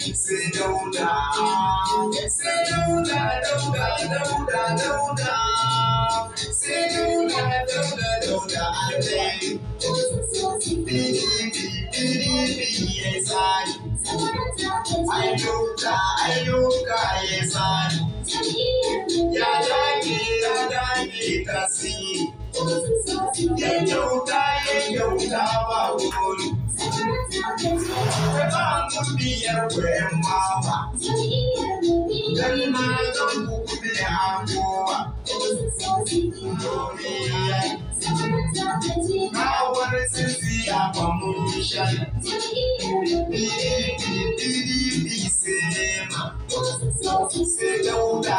sai dauda sai dauda dauda dauda dauda sai dauda dauda dauda alai Ayyuka ayyuka ya sani ya dage ya dage tasiri ya kyauta ya kyauta ba wuri biyar kuɗin mawa. Dan na zan buɗe hankowa. Domin Kawar sinsiya ba mun shan. PDP sinema. Sai dauda,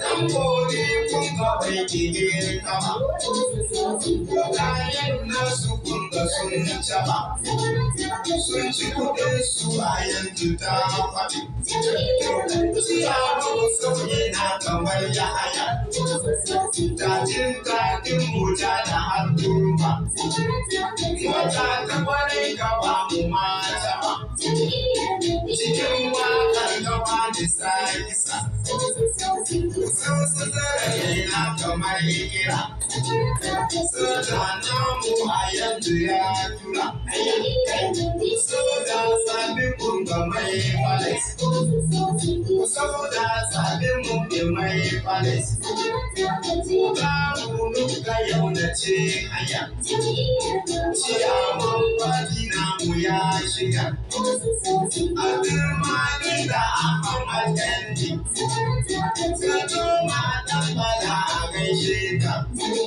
Dan bode kun ga bai kike kama. Kayan nasu kun ga sun caba. Sun ci kuɗin su a yanzu ta faɗi. Siya mu sauye na kamar ya haya. Tajin tajin buja da al'umma. Wata ta kwarai gaba mu mata. Cikin 潰すぜ。いいなと思い切ら。Soja namu a yanzu ya tura. Soja sabin mun ga mai palace. Soja sabin mun ga mai ka yau na ce namu ya shiga. A girmani da Ahmad Kandi. Ka a gaishe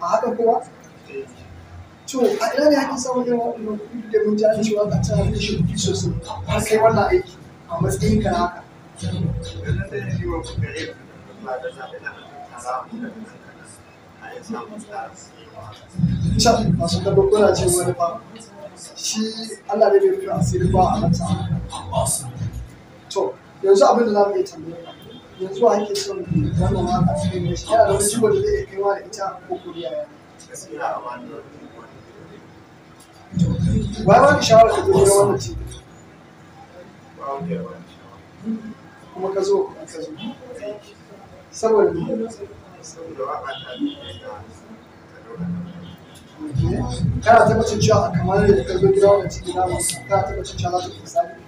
a haka kowa to a ina ne ake samun irin waɗannan kuɗi da mun jani cewa ga tana da shi kuɗi sosai har kai wannan aiki a matsayin ka haka can masu da babbara ce wani ba shi Allah ne bai rufe asiri ba a nan to yanzu abin da za mu iya tambayar yanzu ake son wannan waka sai ne shi yana da wani jigo da zai kai wa da ita ko kuriya ya ba ba shawara ka zo wannan ci kuma ka zo ka zo saboda saboda waka ta biyu, da ta ne kana tabbacin cewa kamar yadda ka zo gida wannan ciki na masu kana tabbacin cewa za ta fi sani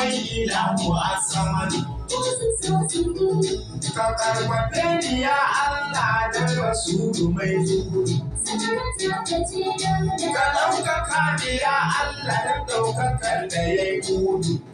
mai ilahu a saman. Ka karɓaɓe ya Allah da rasulu mai zuhuri. Ka ɗaukaka ni ya Allah da ɗaukakar da ya yi gudu.